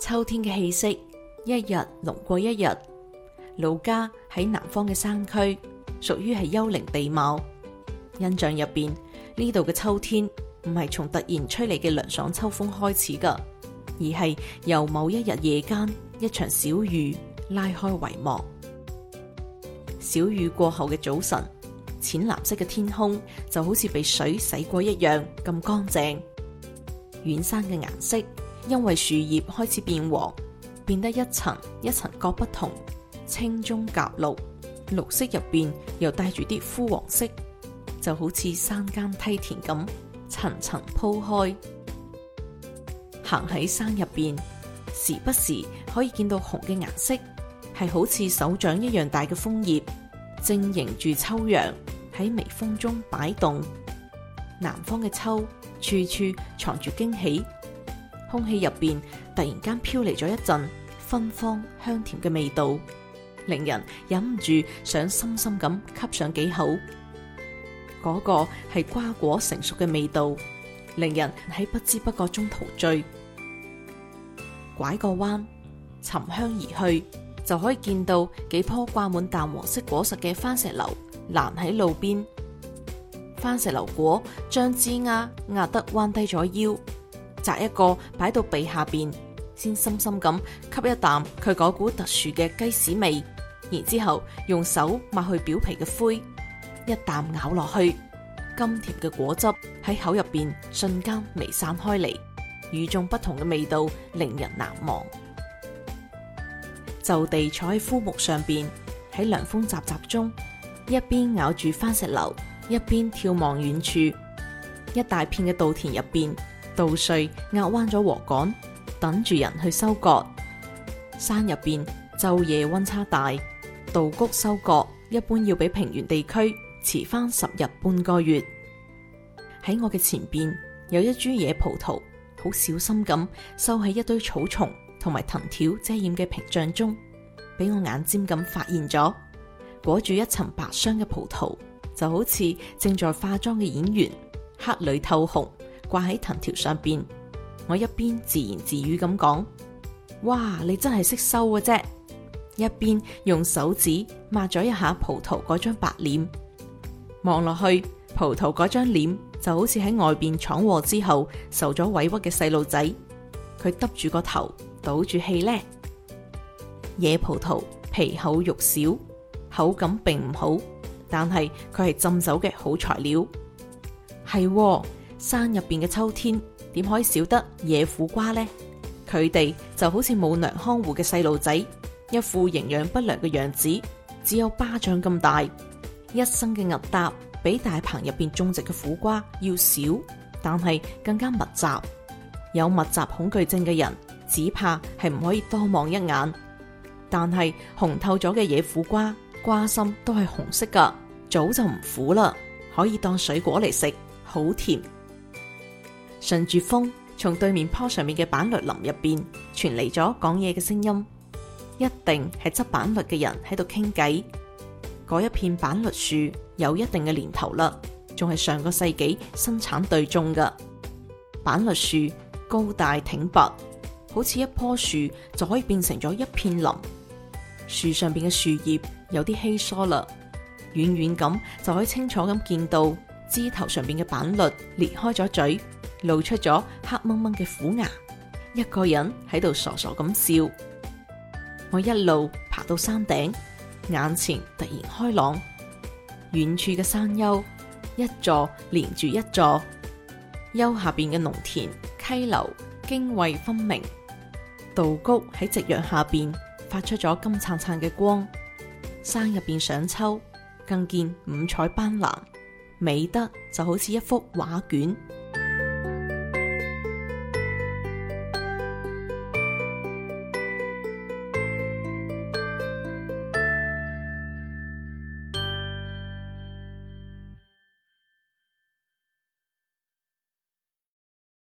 秋天嘅氣息，一日濃過一日。老家喺南方嘅山區，屬於係丘陵地貌。印象入邊，呢度嘅秋天唔係從突然吹嚟嘅涼爽秋風開始噶，而係由某一日夜間一場小雨拉開帷幕。小雨過後嘅早晨，淺藍色嘅天空就好似被水洗過一樣咁乾淨。遠山嘅顏色，因為樹葉開始變黃，變得一層一層各不同，青中夾綠，綠色入邊又帶住啲枯黃色，就好似山間梯田咁層層鋪開。行喺山入邊，時不時可以見到紅嘅顏色，係好似手掌一樣大嘅楓葉，正迎住秋陽，喺微風中擺動。南方嘅秋，處處藏住驚喜。空氣入邊突然間飄嚟咗一陣芬芳香甜嘅味道，令人忍唔住想深深咁吸上幾口。嗰個係瓜果成熟嘅味道，令人喺不知不覺中陶醉。拐個彎，尋香而去，就可以見到幾棵掛滿淡黃色果實嘅番石榴攔喺路邊。番石榴果將枝椏壓得彎低咗腰。摘一個擺到鼻下邊，先深深咁吸一啖佢嗰股特殊嘅雞屎味，然之後用手抹去表皮嘅灰，一啖咬落去，甘甜嘅果汁喺口入邊瞬間彌散開嚟，與眾不同嘅味道令人難忘。就地坐喺枯木上邊，喺涼風習習中，一邊咬住番石榴，一邊眺望遠處，一大片嘅稻田入邊。稻穗壓彎咗禾稈，等住人去收割。山入邊晝夜温差大，稻穀收割一般要比平原地區遲翻十日半個月。喺我嘅前邊有一株野葡萄，好小心咁收喺一堆草叢同埋藤條遮掩嘅屏障中，俾我眼尖咁發現咗，裹住一層白霜嘅葡萄，就好似正在化妝嘅演員，黑裏透紅。掛喺藤條上邊，我一邊自言自語咁講：哇，你真係識收嘅、啊、啫！一邊用手指抹咗一下葡萄嗰張白臉，望落去，葡萄嗰張臉就好似喺外邊闖禍之後受咗委屈嘅細路仔，佢耷住個頭，倒住氣呢。野葡萄皮厚肉少，口感並唔好，但係佢係浸酒嘅好材料，係。山入邊嘅秋天點可以少得野苦瓜呢？佢哋就好似冇娘看護嘅細路仔，一副營養不良嘅樣子，只有巴掌咁大。一身嘅疙瘩比大棚入邊種植嘅苦瓜要小，但係更加密集。有密集恐懼症嘅人，只怕係唔可以多望一眼。但係紅透咗嘅野苦瓜瓜心都係紅色㗎，早就唔苦啦，可以當水果嚟食，好甜。順住風，從對面坡上面嘅板栗林入邊傳嚟咗講嘢嘅聲音，一定係執板栗嘅人喺度傾偈。嗰一片板栗樹有一定嘅年頭啦，仲係上個世紀生產隊種噶板栗樹高大挺拔，好似一棵樹就可以變成咗一片林。樹上邊嘅樹葉有啲稀疏啦，遠遠咁就可以清楚咁見到枝頭上邊嘅板栗裂開咗嘴。露出咗黑蒙蒙嘅虎牙，一個人喺度傻傻咁笑。我一路爬到山頂，眼前突然開朗，遠處嘅山丘一座連住一座，丘下邊嘅農田溪流涇渭分明，稻谷喺夕陽下邊發出咗金燦燦嘅光。山入邊賞秋更見五彩斑斕，美得就好似一幅畫卷。